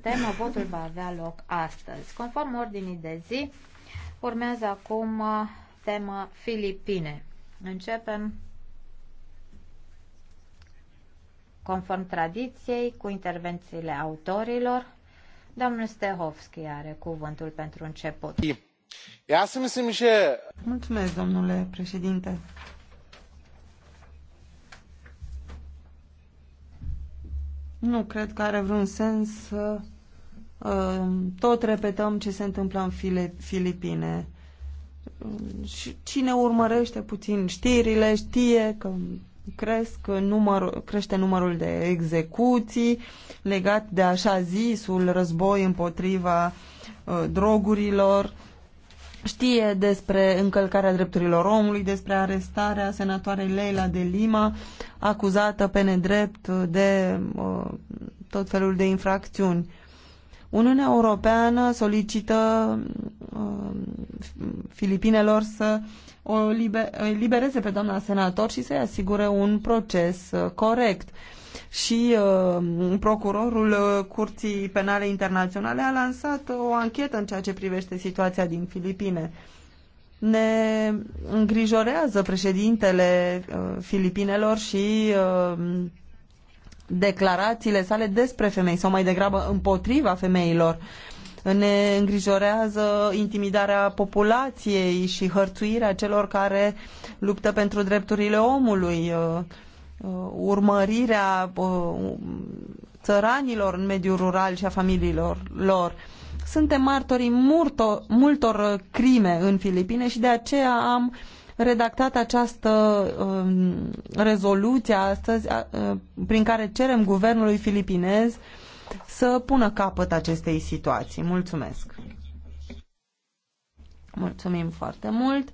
temă. Votul va avea loc astăzi. Conform ordinii de zi, urmează acum uh, tema Filipine. Începem conform tradiției cu intervențiile autorilor. Domnul Stehovski are cuvântul pentru început. Mulțumesc, domnule președinte. Nu cred că are vreun sens să uh, tot repetăm ce se întâmplă în Filipine. Și cine urmărește puțin știrile știe că cresc număr, crește numărul de execuții legat de așa zisul război împotriva uh, drogurilor știe despre încălcarea drepturilor omului, despre arestarea senatoarei Leila de Lima, acuzată pe nedrept de uh, tot felul de infracțiuni. Uniunea Europeană solicită uh, Filipinelor să o libereze pe doamna senator și să-i asigure un proces uh, corect și uh, procurorul uh, Curții Penale Internaționale a lansat o anchetă în ceea ce privește situația din Filipine. Ne îngrijorează președintele uh, Filipinelor și uh, declarațiile sale despre femei sau mai degrabă împotriva femeilor. Ne îngrijorează intimidarea populației și hărțuirea celor care luptă pentru drepturile omului. Uh, Uh, urmărirea uh, țăranilor în mediul rural și a familiilor lor. Suntem martorii multor, uh, crime în Filipine și de aceea am redactat această um, rezoluție astăzi prin care cerem guvernului filipinez să pună capăt acestei situații. Mulțumesc! Mulțumim foarte mult!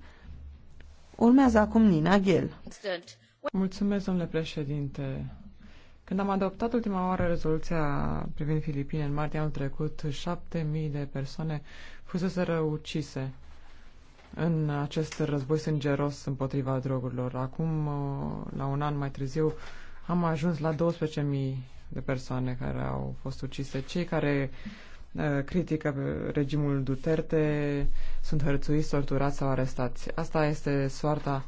Urmează acum Nina Ghel. Mulțumesc, domnule președinte. Când am adoptat ultima oară rezoluția privind Filipine în martie anul trecut, șapte mii de persoane fuseseră ucise în acest război sângeros împotriva drogurilor. Acum, la un an mai târziu, am ajuns la 12.000 de persoane care au fost ucise. Cei care uh, critică regimul Duterte sunt hărțuiți, torturați sau arestați. Asta este soarta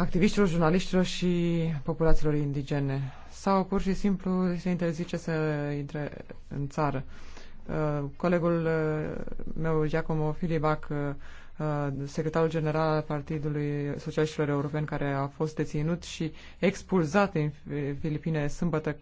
activiștilor, jurnaliștilor și populațiilor indigene. Sau pur și simplu se interzice să intre în țară. Uh, colegul uh, meu, Giacomo Filibac, uh, secretarul general al Partidului Socialiștilor Europeni, care a fost deținut și expulzat în Filipine sâmbătă,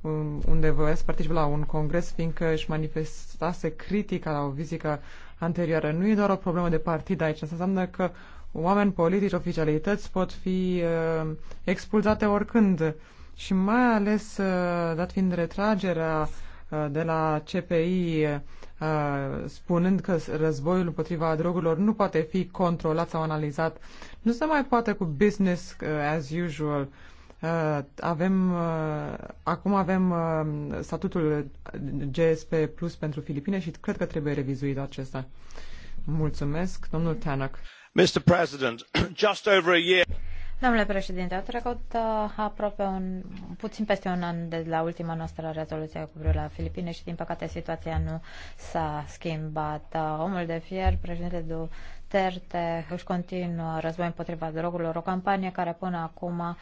um, unde voia să participe la un congres, fiindcă își manifestase critica la o vizită anterioară. Nu e doar o problemă de partid aici, asta înseamnă că oameni politici, oficialități pot fi uh, expulzate oricând și mai ales uh, dat fiind retragerea uh, de la CPI uh, spunând că războiul împotriva drogurilor nu poate fi controlat sau analizat. Nu se mai poate cu business uh, as usual. Uh, avem, uh, acum avem statutul GSP Plus pentru Filipine și cred că trebuie revizuit acesta. Mulțumesc, domnul Tanak. Mr. President, just over a year... Domnule președinte, a trecut uh, aproape un, puțin peste un an de la ultima noastră rezoluție cu privire la Filipine și, din păcate, situația nu s-a schimbat. Uh, omul de fier, președinte Duterte, își continuă război împotriva drogurilor, o campanie care până acum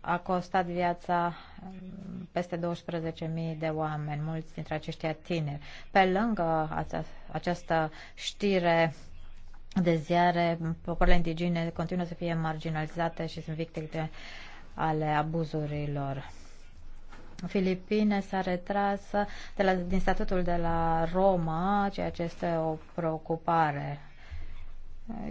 a costat viața um, peste 12.000 de oameni, mulți dintre aceștia tineri. Pe lângă această știre de ziare, popoarele indigene continuă să fie marginalizate și sunt victime ale abuzurilor. Filipine s-a retras de la, din statutul de la Roma, ceea ce este o preocupare.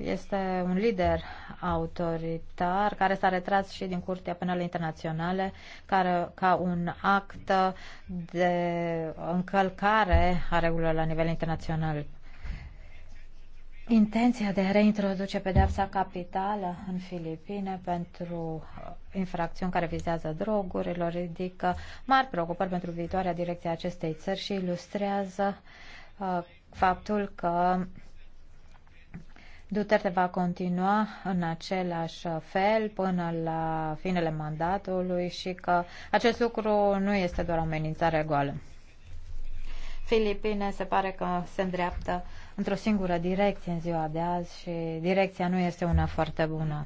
Este un lider autoritar care s-a retras și din Curtea Penală Internaționale care, ca un act de încălcare a regulilor la nivel internațional. Intenția de a reintroduce pedepsa capitală în Filipine pentru uh, infracțiuni care vizează drogurilor ridică mari preocupări pentru viitoarea direcție a acestei țări și ilustrează uh, faptul că Duterte va continua în același fel până la finele mandatului și că acest lucru nu este doar o amenințare goală. Filipine se pare că se îndreaptă într-o singură direcție în ziua de azi și direcția nu este una foarte bună.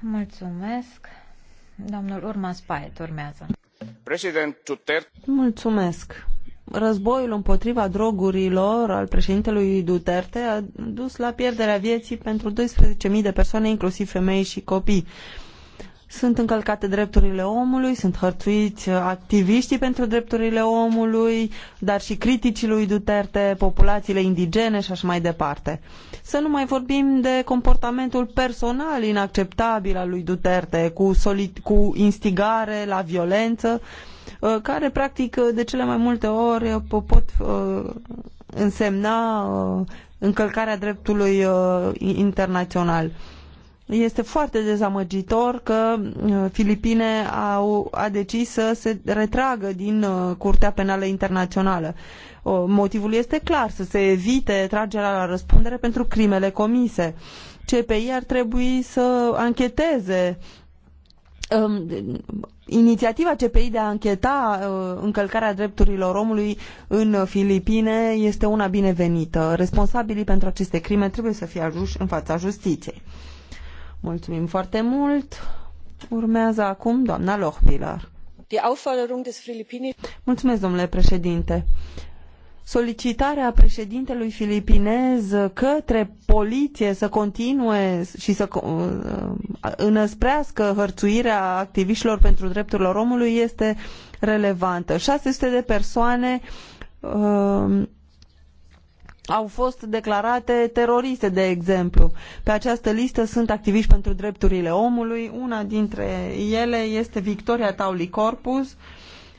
Mulțumesc. Domnul Urma Spaet urmează. Mulțumesc. Războiul împotriva drogurilor al președintelui Duterte a dus la pierderea vieții pentru 12.000 de persoane, inclusiv femei și copii sunt încălcate drepturile omului, sunt hărțuiți uh, activiștii pentru drepturile omului, dar și criticii lui Duterte, populațiile indigene și așa mai departe. Să nu mai vorbim de comportamentul personal inacceptabil al lui Duterte, cu, cu instigare la violență, uh, care practic uh, de cele mai multe ori pot însemna încălcarea dreptului internațional este foarte dezamăgitor că uh, Filipine au, a decis să se retragă din uh, Curtea Penală Internațională. Motivul este clar, să se evite tragerea la răspundere pentru crimele comise. CPI ar trebui să ancheteze um, inițiativa CPI de a încheta uh, încălcarea drepturilor omului în Filipine este una binevenită. Responsabilii pentru aceste crime trebuie să fie ajuși în fața justiției. Mulțumim foarte mult. Urmează acum doamna Lochbiller. Mulțumesc, domnule președinte solicitarea președintelui filipinez către poliție să continue și să uh, înăsprească hărțuirea activiștilor pentru drepturile omului este relevantă. 600 de persoane uh, au fost declarate teroriste, de exemplu. Pe această listă sunt activiști pentru drepturile omului. Una dintre ele este Victoria Tauli Corpus,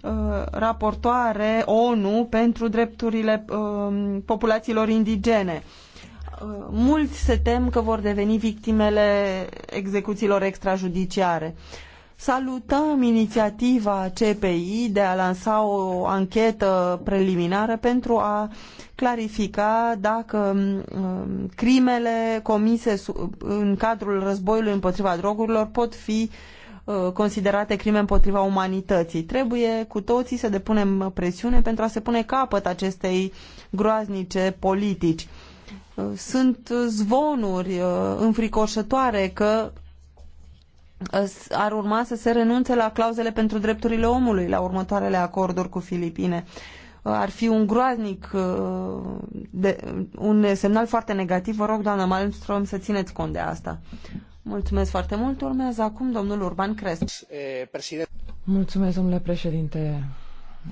uh, raportoare ONU pentru drepturile um, populațiilor indigene. Uh, mulți se tem că vor deveni victimele execuțiilor extrajudiciare. Salutăm inițiativa CPI de a lansa o anchetă preliminară pentru a clarifica dacă mm, mm, crimele comise în cadrul războiului împotriva drogurilor pot fi uh, considerate crime împotriva umanității. Trebuie cu toții să depunem presiune pentru a se pune capăt acestei groaznice politici. Uh, sunt zvonuri uh, înfricoșătoare că ar urma să se renunțe la clauzele pentru drepturile omului la următoarele acorduri cu Filipine. Ar fi un groaznic, uh, de, un semnal foarte negativ. Vă rog, doamnă Malmström, să țineți cont de asta. Mulțumesc foarte mult. Urmează acum domnul Urban Crescu. Eh, Mulțumesc, domnule președinte.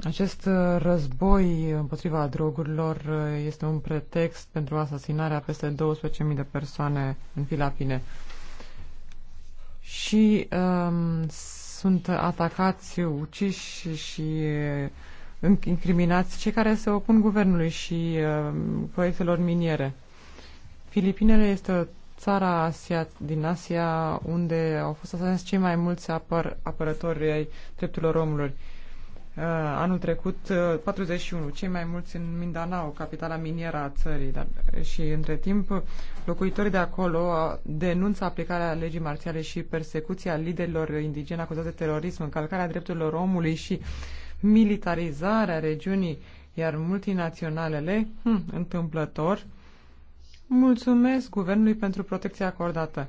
Acest uh, război împotriva drogurilor uh, este un pretext pentru asasinarea peste 12.000 de persoane în Filipine și um, sunt atacați, uciși și uh, incriminați cei care se opun guvernului și uh, um, proiectelor miniere. Filipinele este o țara Asia, din Asia unde au fost asasinați cei mai mulți apăr, apărători ai drepturilor omului. Uh, anul trecut 41, uh, cei mai mulți în Mindanao, capitala minieră a țării. Dar, și între timp, locuitorii de acolo uh, denunță aplicarea legii marțiale și persecuția liderilor indigeni acuzați de terorism, încălcarea drepturilor omului și militarizarea regiunii, iar multinaționalele, hm, întâmplător, mulțumesc guvernului pentru protecția acordată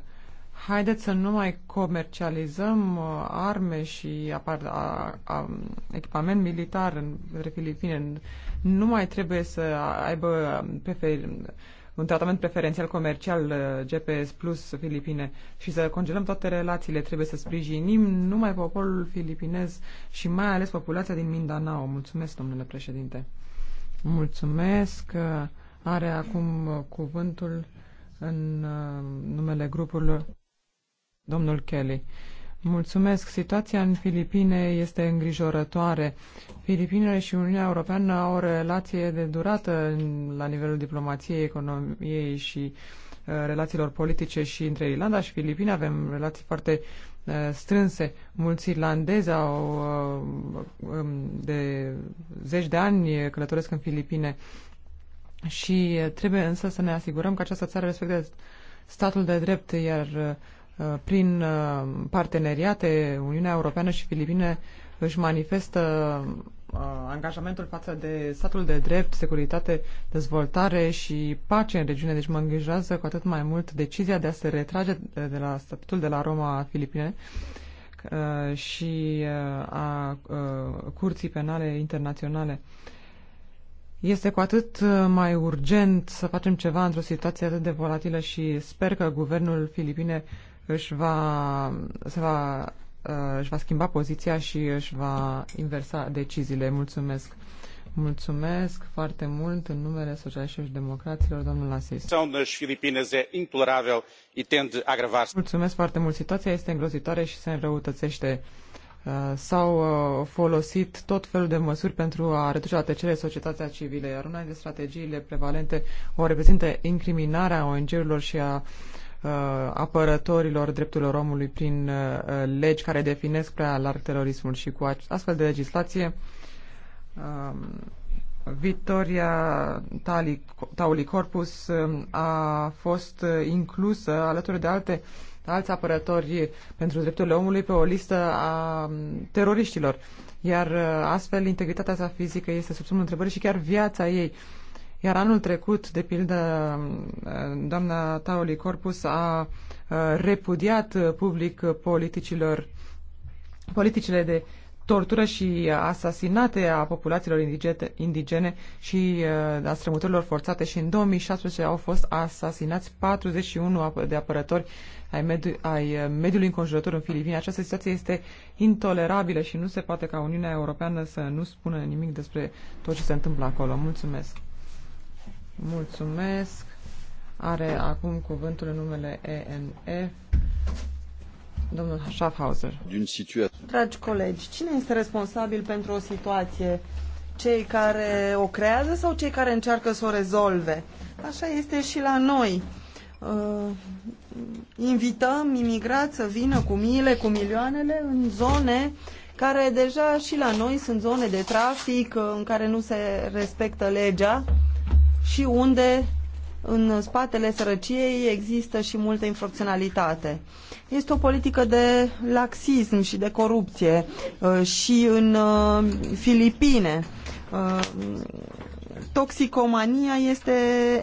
haideți să nu mai comercializăm uh, arme și apar, a, a, echipament militar în Filipine. Nu mai trebuie să aibă prefer, un tratament preferențial comercial uh, GPS plus Filipine și să congelăm toate relațiile. Trebuie să sprijinim numai poporul filipinez și mai ales populația din Mindanao. Mulțumesc, domnule președinte. Mulțumesc. Are acum uh, cuvântul în numele grupurilor. Domnul Kelly. Mulțumesc. Situația în Filipine este îngrijorătoare. Filipinele și Uniunea Europeană au o relație de durată la nivelul diplomației, economiei și uh, relațiilor politice și între Irlanda și Filipine avem relații foarte uh, strânse. Mulți irlandezi au uh, um, de zeci de ani călătoresc în Filipine și trebuie însă să ne asigurăm că această țară respectă statul de drept, iar uh, Uh, prin uh, parteneriate, Uniunea Europeană și Filipine își manifestă uh, angajamentul față de statul de drept, securitate, dezvoltare și pace în regiune. Deci mă îngrijează cu atât mai mult decizia de a se retrage de la statutul de la Roma a Filipine și a Curții Penale Internaționale. Este cu atât mai urgent să facem ceva într-o situație atât de volatilă și sper că guvernul Filipine își va, se va, uh, își va schimba poziția și își va inversa deciziile. Mulțumesc! Mulțumesc foarte mult în numele socialiștilor și democraților, domnul Asis. Mulțumesc foarte mult. Situația este îngrozitoare și se înrăutățește. Uh, s-au uh, folosit tot felul de măsuri pentru a reduce la tăcere societatea civilă, iar una dintre strategiile prevalente o reprezintă incriminarea ONG-urilor și a Uh, apărătorilor drepturilor omului prin uh, legi care definesc prea larg terorismul și cu astfel de legislație um, Victoria Tauli Corpus um, a fost uh, inclusă alături de alte alți apărători pentru drepturile omului pe o listă a um, teroriștilor. Iar astfel integritatea sa fizică este sub semnul întrebării și chiar viața ei. Iar anul trecut, de pildă, doamna Taoli Corpus a repudiat public politicilor, politicile de tortură și asasinate a populațiilor indigene și a strămutărilor forțate și în 2016 au fost asasinați 41 de apărători ai, mediu, ai mediului înconjurător în Filipine. Această situație este intolerabilă și nu se poate ca Uniunea Europeană să nu spună nimic despre tot ce se întâmplă acolo. Mulțumesc! Mulțumesc. Are acum cuvântul în numele ENF. Domnul Schaffhauser. Dragi colegi, cine este responsabil pentru o situație? Cei care o creează sau cei care încearcă să o rezolve? Așa este și la noi. Uh, invităm imigrați să vină cu miile, cu milioanele în zone care deja și la noi sunt zone de trafic uh, în care nu se respectă legea și unde în spatele sărăciei există și multă infracționalitate. Este o politică de laxism și de corupție uh, și în uh, Filipine. Uh, toxicomania este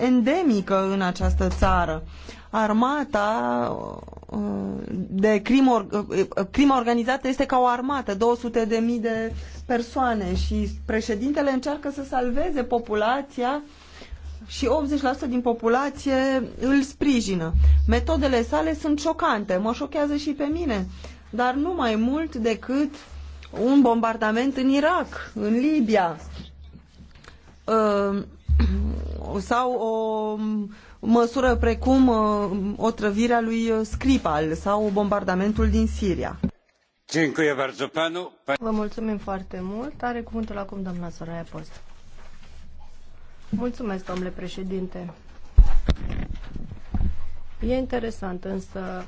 endemică în această țară. Armata de crimă, crim organizată este ca o armată, 200 de mii de persoane și președintele încearcă să salveze populația uh, și 80% din populație îl sprijină. Metodele sale sunt șocante, mă șochează și pe mine, dar nu mai mult decât un bombardament în Irak, în Libia uh, sau o măsură precum uh, otrăvirea lui uh, Skripal sau bombardamentul din Siria. Vă mulțumim foarte mult. Are cuvântul acum doamna Soraya Post. Mulțumesc, domnule președinte. E interesant, însă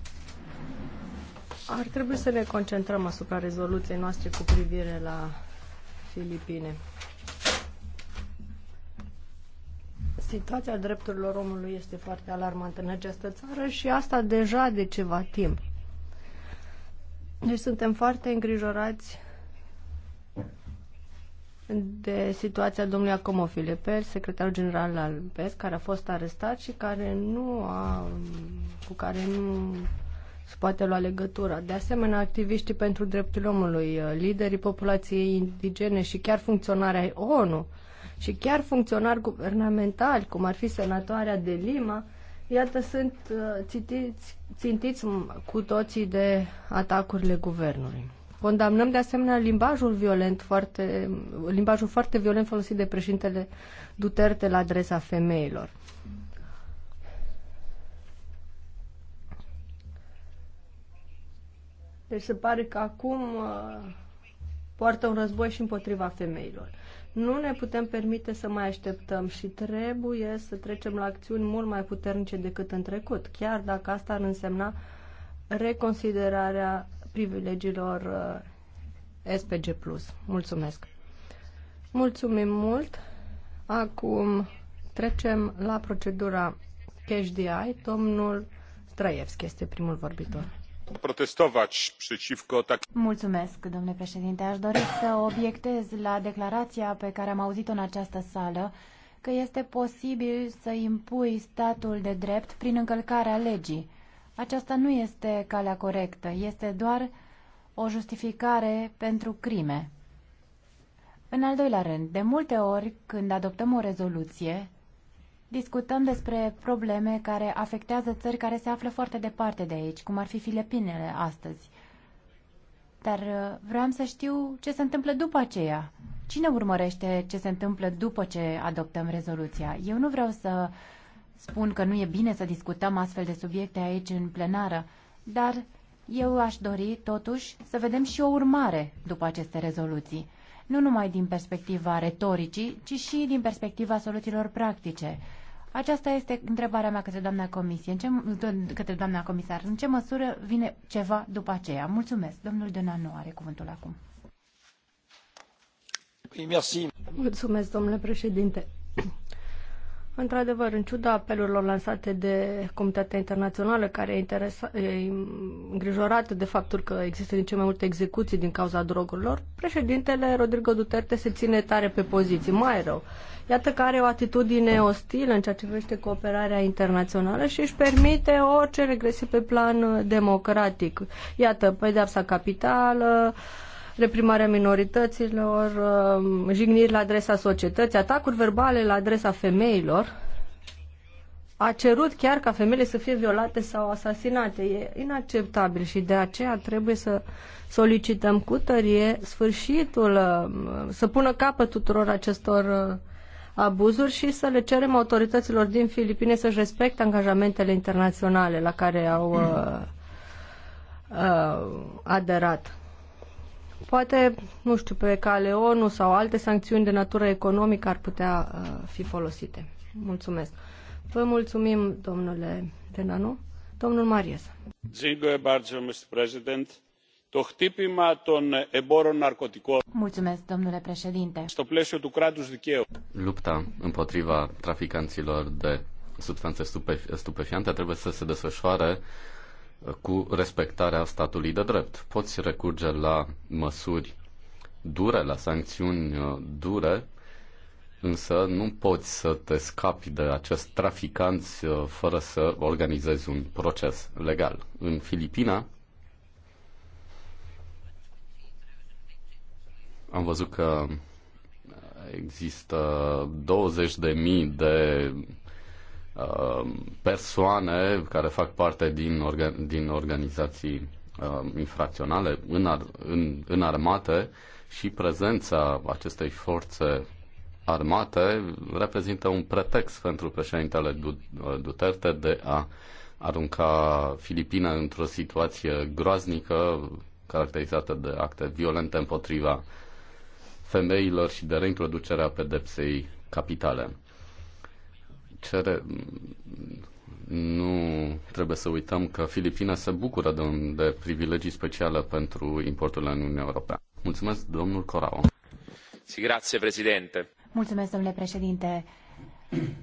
ar trebui să ne concentrăm asupra rezoluției noastre cu privire la Filipine. Situația drepturilor omului este foarte alarmantă în această țară și asta deja de ceva timp. Deci suntem foarte îngrijorați de situația domnului Acomo Pel, secretarul general al PES, care a fost arestat și care nu a, cu care nu se poate lua legătura. De asemenea, activiștii pentru dreptul omului, liderii populației indigene și chiar funcționarea ONU și chiar funcționari guvernamentali, cum ar fi senatoarea de Lima, iată, sunt țintiți, uh, țintiți cu toții de atacurile guvernului. Condamnăm de asemenea limbajul violent, foarte, limbajul foarte violent folosit de președintele Duterte la adresa femeilor. Deci se pare că acum uh, poartă un război și împotriva femeilor. Nu ne putem permite să mai așteptăm și trebuie să trecem la acțiuni mult mai puternice decât în trecut, chiar dacă asta ar însemna reconsiderarea privilegiilor uh, SPG+. Mulțumesc! Mulțumim mult! Acum trecem la procedura CashDI. Domnul Straievski este primul vorbitor. Mulțumesc, domnule președinte. Aș dori să obiectez la declarația pe care am auzit-o în această sală că este posibil să impui statul de drept prin încălcarea legii. Aceasta nu este calea corectă, este doar o justificare pentru crime. În al doilea rând, de multe ori când adoptăm o rezoluție, discutăm despre probleme care afectează țări care se află foarte departe de aici, cum ar fi Filipinele astăzi. Dar uh, vreau să știu ce se întâmplă după aceea. Cine urmărește ce se întâmplă după ce adoptăm rezoluția? Eu nu vreau să uh, spun că nu e bine să discutăm astfel de subiecte aici în plenară, dar eu aș dori, totuși, să vedem și o urmare după aceste rezoluții, nu numai din perspectiva retoricii, ci și din perspectiva soluțiilor practice. Aceasta este întrebarea mea către doamna, comisie. În ce, către doamna comisar. În ce măsură vine ceva după aceea? Mulțumesc. Domnul nu are cuvântul acum. Mulțumesc, domnule președinte. Într-adevăr, în ciuda apelurilor lansate de comunitatea internațională care e, interesa, e îngrijorată de faptul că există din ce mai multe execuții din cauza drogurilor, președintele Rodrigo Duterte se ține tare pe poziții, mai rău. Iată că are o atitudine ostilă în ceea ce privește cooperarea internațională și își permite orice regresie pe plan democratic. Iată, pedeapsa capitală, uh, reprimarea minorităților, um, jigniri la adresa societății, atacuri verbale la adresa femeilor. A cerut chiar ca femeile să fie violate sau asasinate. E inacceptabil și de aceea trebuie să solicităm cu tărie sfârșitul, um, să pună capăt tuturor acestor uh, abuzuri și să le cerem autorităților din Filipine să-și respecte angajamentele internaționale la care au uh, uh, aderat. Poate, nu știu, pe cale ONU sau alte sancțiuni de natură economică ar putea uh, fi folosite. Mulțumesc. Vă mulțumim, domnule Denanu. Domnul Marias. Mulțumesc, domnule președinte. Lupta împotriva traficanților de substanțe stupefiante trebuie să se desfășoare cu respectarea statului de drept. Poți recurge la măsuri dure, la sancțiuni uh, dure, însă nu poți să te scapi de acest traficant uh, fără să organizezi un proces legal. În Filipina am văzut că există 20.000 de Uh, persoane care fac parte din, orga- din organizații uh, infracționale în, ar- în, în armate și prezența acestei forțe armate reprezintă un pretext pentru președintele uh, Duterte de a arunca Filipina într-o situație groaznică caracterizată de acte violente împotriva femeilor și de reintroducerea pedepsei capitale cere, nu trebuie să uităm că Filipina se bucură de, un, de privilegii speciale pentru importul în Uniunea Europeană. Mulțumesc, domnul Corao. Si, grazie, președinte. Mulțumesc, domnule președinte.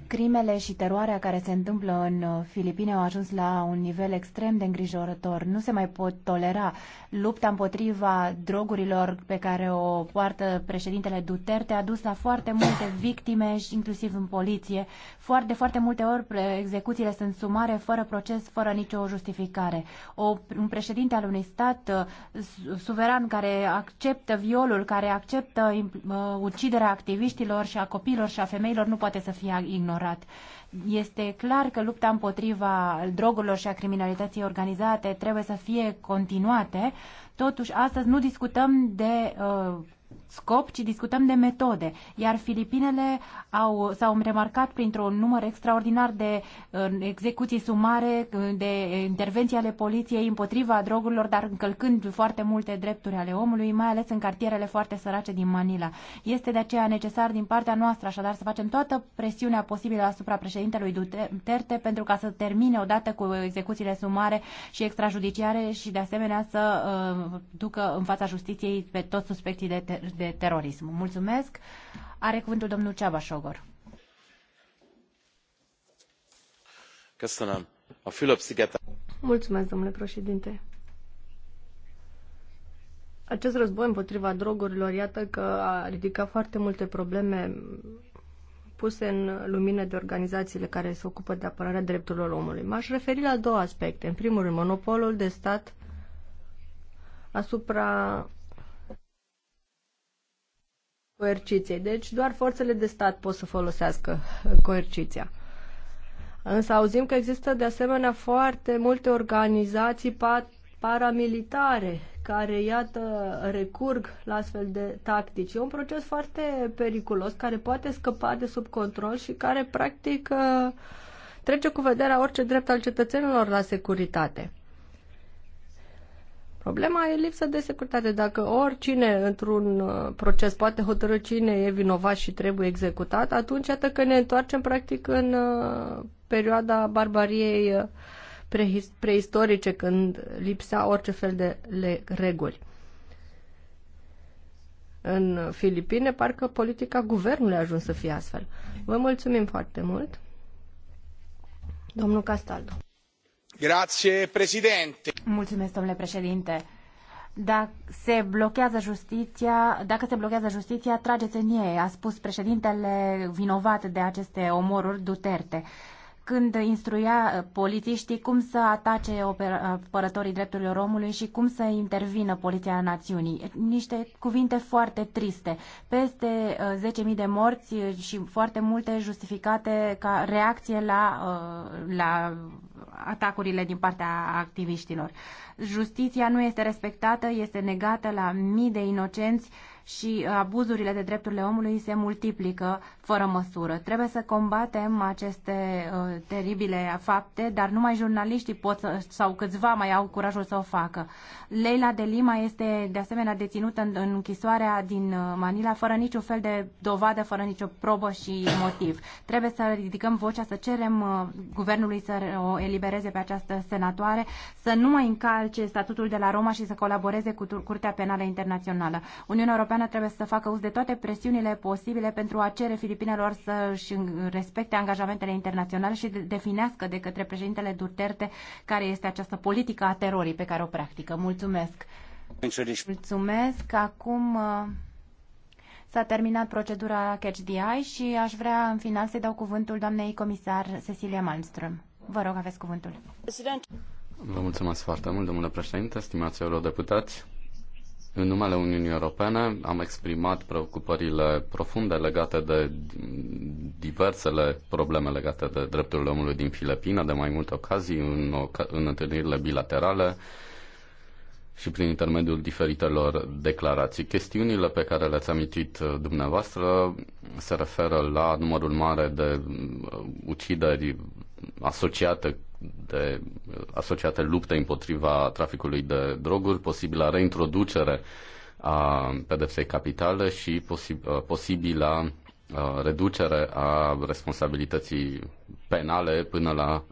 Crimele și teroarea care se întâmplă în uh, Filipine au ajuns la un nivel extrem de îngrijorător. Nu se mai pot tolera. Lupta împotriva drogurilor pe care o poartă președintele Duterte a dus la foarte multe victime, inclusiv în poliție. Foarte, foarte multe ori execuțiile sunt sumare, fără proces, fără nicio justificare. O, un președinte al unui stat uh, suveran care acceptă violul, care acceptă uh, uciderea activiștilor și a copiilor și a femeilor nu poate să fie total ignorat. Este clar că lupta împotriva drogurilor și a criminalității organizate trebuie să fie continuate. Totuși, astăzi nu discutăm de uh, scop, ci discutăm de metode. Iar Filipinele au, s-au remarcat printr-un număr extraordinar de uh, execuții sumare, de intervenții ale poliției împotriva drogurilor, dar încălcând foarte multe drepturi ale omului, mai ales în cartierele foarte sărace din Manila. Este de aceea necesar din partea noastră, așadar, să facem toată presiunea posibilă asupra președintelui Duterte pentru ca să termine odată cu execuțiile sumare și extrajudiciare și, de asemenea, să uh, ducă în fața justiției pe toți suspecții de ter- de terorism. Mulțumesc. Are cuvântul domnul Ceaba Șogor. Mulțumesc, domnule președinte. Acest război împotriva drogurilor, iată că a ridicat foarte multe probleme puse în lumină de organizațiile care se ocupă de apărarea drepturilor omului. M-aș referi la două aspecte. În primul rând, monopolul de stat asupra coerciției. Deci doar forțele de stat pot să folosească uh, coerciția. Însă auzim că există de asemenea foarte multe organizații paramilitare care, iată, recurg la astfel de tactici. E un proces foarte periculos care poate scăpa de sub control și care, practic, uh, trece cu vederea orice drept al cetățenilor la securitate. Problema e lipsa de securitate. Dacă oricine într-un uh, proces poate hotărâ cine e vinovat și trebuie executat, atunci iată că ne întoarcem practic în uh, perioada barbariei uh, preistorice, când lipsea orice fel de reguli. În Filipine, parcă politica guvernului a ajuns să fie astfel. Vă mulțumim foarte mult. Domnul Castaldo. Grazie, președinte. Mulțumesc, domnule președinte. Dacă se blochează justiția, dacă se blochează justiția, trageți în ei, a spus președintele vinovat de aceste omoruri Duterte când instruia uh, polițiștii cum să atace uh, apărătorii drepturilor omului și cum să intervină Poliția Națiunii. Niște cuvinte foarte triste. Peste 10.000 uh, de morți și foarte multe justificate ca reacție la, la atacurile din partea activiștilor. Justiția nu este respectată, este negată la mii de inocenți și abuzurile de drepturile omului se multiplică fără măsură. Trebuie să combatem aceste uh, teribile fapte, dar numai jurnaliștii pot să, sau câțiva mai au curajul să o facă. Leila de Lima este de asemenea deținută în, în închisoarea din uh, Manila fără niciun fel de dovadă, fără nicio probă și motiv. Trebuie să ridicăm vocea, să cerem uh, guvernului să o elibereze pe această senatoare, să nu mai încalce statutul de la Roma și să colaboreze cu Curtea Penală Internațională. Uniunea Europeană americană trebuie să facă uz de toate presiunile posibile pentru a cere filipinelor să își respecte angajamentele internaționale și definească de către președintele Duterte care este această politică a terorii pe care o practică. Mulțumesc! Mulțumesc! Acum uh, s-a terminat procedura Catch the Eye și aș vrea în final să-i dau cuvântul doamnei comisar Cecilia Malmström. Vă rog, aveți cuvântul. Vă mulțumesc foarte mult, domnule președinte, stimați eurodeputați. În numele Uniunii Europene am exprimat preocupările profunde legate de diversele probleme legate de drepturile omului din Filipina, de mai multe ocazii, în, în întâlnirile bilaterale, și prin intermediul diferitelor declarații. Chestiunile pe care le-ați amintit uh, dumneavoastră se referă la numărul mare de uh, ucideri asociate de uh, asociate lupte împotriva traficului de droguri, posibilă reintroducere a pedepsei capitale și posibilă reducere a responsabilității penale până la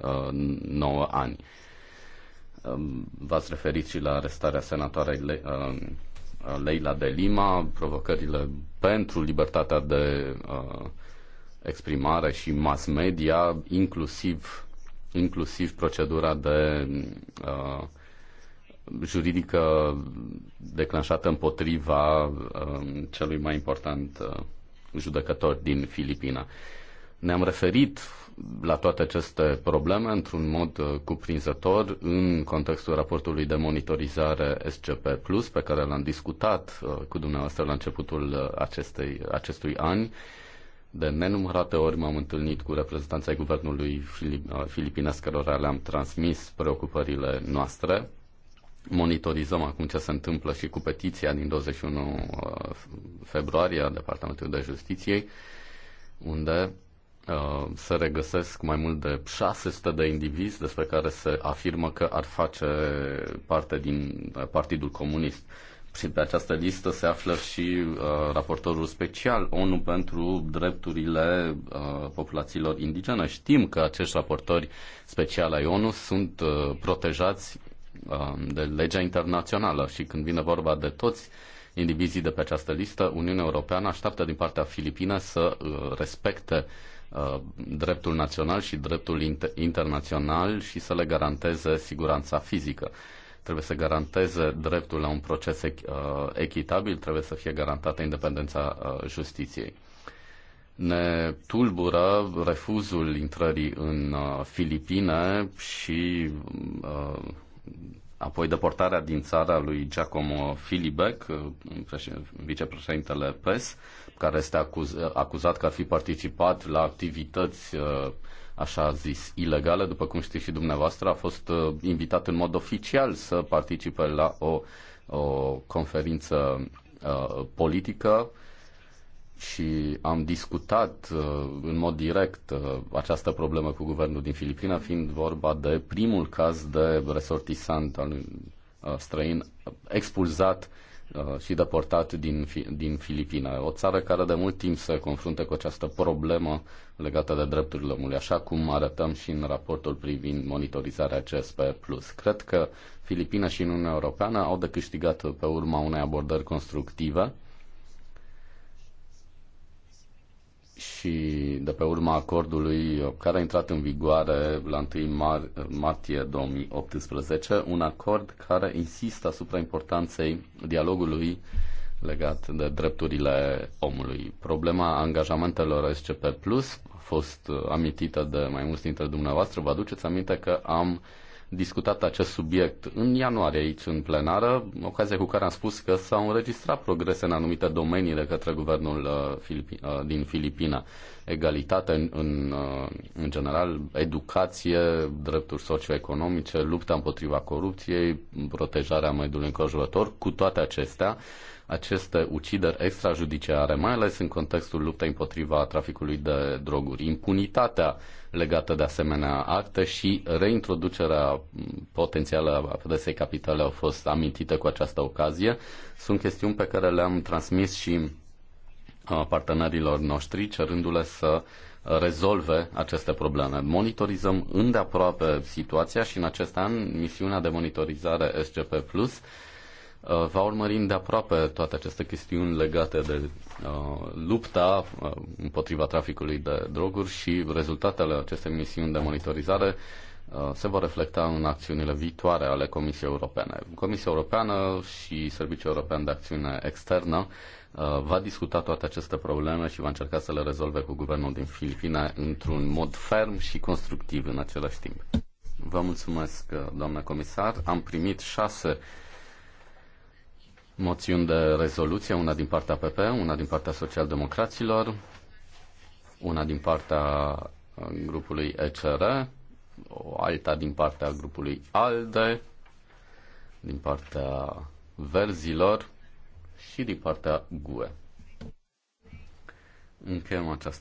9 ani. Um, v-ați referit și la arestarea senatoarei Le- uh, uh, Leila de Lima, provocările pentru libertatea de uh, exprimare și mass media, inclusiv, inclusiv procedura de juridică declanșată împotriva um, celui mai important judecător din Filipina. Ne-am referit la toate aceste probleme într-un mod uh, cuprinzător în contextul raportului de monitorizare SCP Plus pe care l-am discutat uh, cu dumneavoastră la începutul uh, acestei, acestui an. De nenumărate ori m-am întâlnit cu reprezentanța ai guvernului filipinesc cărora le-am transmis preocupările noastre. Monitorizăm acum ce se întâmplă și cu petiția din 21 februarie a Departamentului de Justiție, unde Uh, se regăsesc mai mult de 600 de indivizi despre care se afirmă că ar face parte din uh, Partidul Comunist. Și pe această listă se află și uh, raportorul special ONU pentru drepturile uh, populațiilor indigene. Știm că acești raportori speciali ai ONU sunt uh, protejați uh, de legea internațională și când vine vorba de toți indivizii de pe această listă, Uniunea Europeană așteaptă din partea Filipine să uh, respecte uh, Uh, dreptul național și dreptul inter- internațional și să le garanteze siguranța fizică. Trebuie să garanteze dreptul la un proces uh, echitabil, trebuie să fie garantată independența uh, justiției. Ne tulbură refuzul intrării în Filipine și apoi deportarea din țara lui Giacomo Filibec, vicepreședintele PES, care este acuz, acuzat că ar fi participat la activități uh, așa zis ilegale, după cum știți și dumneavoastră, a fost uh, invitat în mod oficial să participe la o, o conferință uh, politică și am discutat uh, în mod direct uh, această problemă cu guvernul din Filipina, fiind vorba de primul caz de resortisant al, uh, străin expulzat uh, Uh, și deportat din, din Filipina o țară care de mult timp se confruntă cu această problemă legată de drepturile omului, așa cum arătăm și în raportul privind monitorizarea CSP+. Cred că Filipina și Uniunea Europeană au de câștigat pe urma unei abordări constructive și de pe urma acordului care a intrat în vigoare la 1 mar- martie 2018, un acord care insistă asupra importanței dialogului legat de drepturile omului. Problema angajamentelor SCP Plus a fost uh, amintită de mai mulți dintre dumneavoastră. Vă aduceți aminte că am uh, discutat acest subiect în ianuarie aici în plenară, ocazia cu care am spus că s-au înregistrat progrese în anumite domenii de către guvernul uh, uh, din Filipina. Egalitate în, în, uh, în general, educație, drepturi socioeconomice, lupta împotriva corupției, protejarea mediului înconjurător, cu toate acestea aceste ucideri extrajudiciare, mai ales în contextul luptei împotriva traficului de droguri, impunitatea legată de asemenea acte și reintroducerea potențială a pedesei capitale au fost amintite cu această ocazie. Sunt chestiuni pe care le-am transmis și partenerilor noștri, cerându-le să rezolve aceste probleme. Monitorizăm îndeaproape situația și în acest an misiunea de monitorizare SGP Plus Uh, va urmări de aproape toate aceste chestiuni legate de uh, lupta uh, împotriva traficului de droguri și rezultatele acestei misiuni de monitorizare uh, se vor reflecta în acțiunile viitoare ale Comisiei Europene. Comisia Europeană și Serviciul European de Acțiune Externă uh, va discuta toate aceste probleme și va încerca să le rezolve cu guvernul din Filipine într-un mod ferm și constructiv în același timp. Vă mulțumesc, uh, doamnă comisar. Am primit șase moțiuni de rezoluție, una din partea PP, una din partea socialdemocraților, una din partea uh, grupului ECR, o alta din partea grupului ALDE, din partea verzilor și din partea GUE. Încheiem această